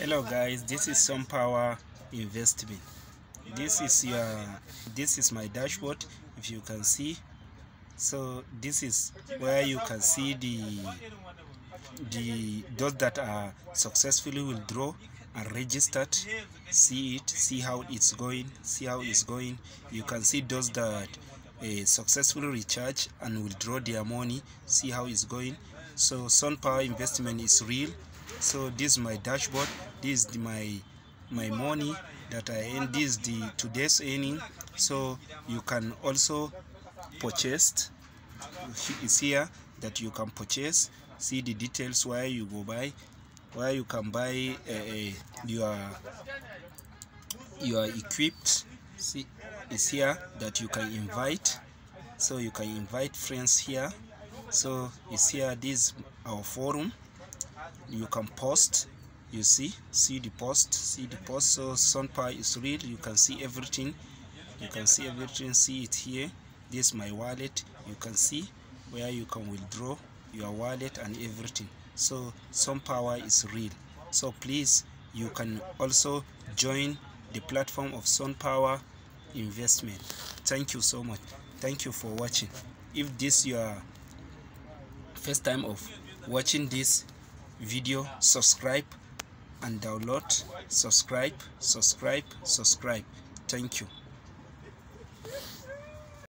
hello guys this is some power investment this is your this is my dashboard if you can see so this is where you can see the the those that are successfully withdraw and registered see it see how it's going see how it's going you can see those that uh, successfully recharge and withdraw their money see how it's going so sun power investment is real so this is my dashboard this is my my money that I earn this the today's earning so you can also purchase it's here that you can purchase see the details where you go buy where you can buy uh, eh, eh, you are you are equipped see it's here that you can invite so you can invite friends here so it's here this our forum you can post you see see the post see the post so sunpi is real you can see everything you can see everything see it here this my wallet you can see where you can withdraw your wallet and everything so sun power is real so please you can also join the platform of sun power investment thank you so much thank you for watching if this your first time of watching this video subscribe and download subscribe subscribe subscribe thank you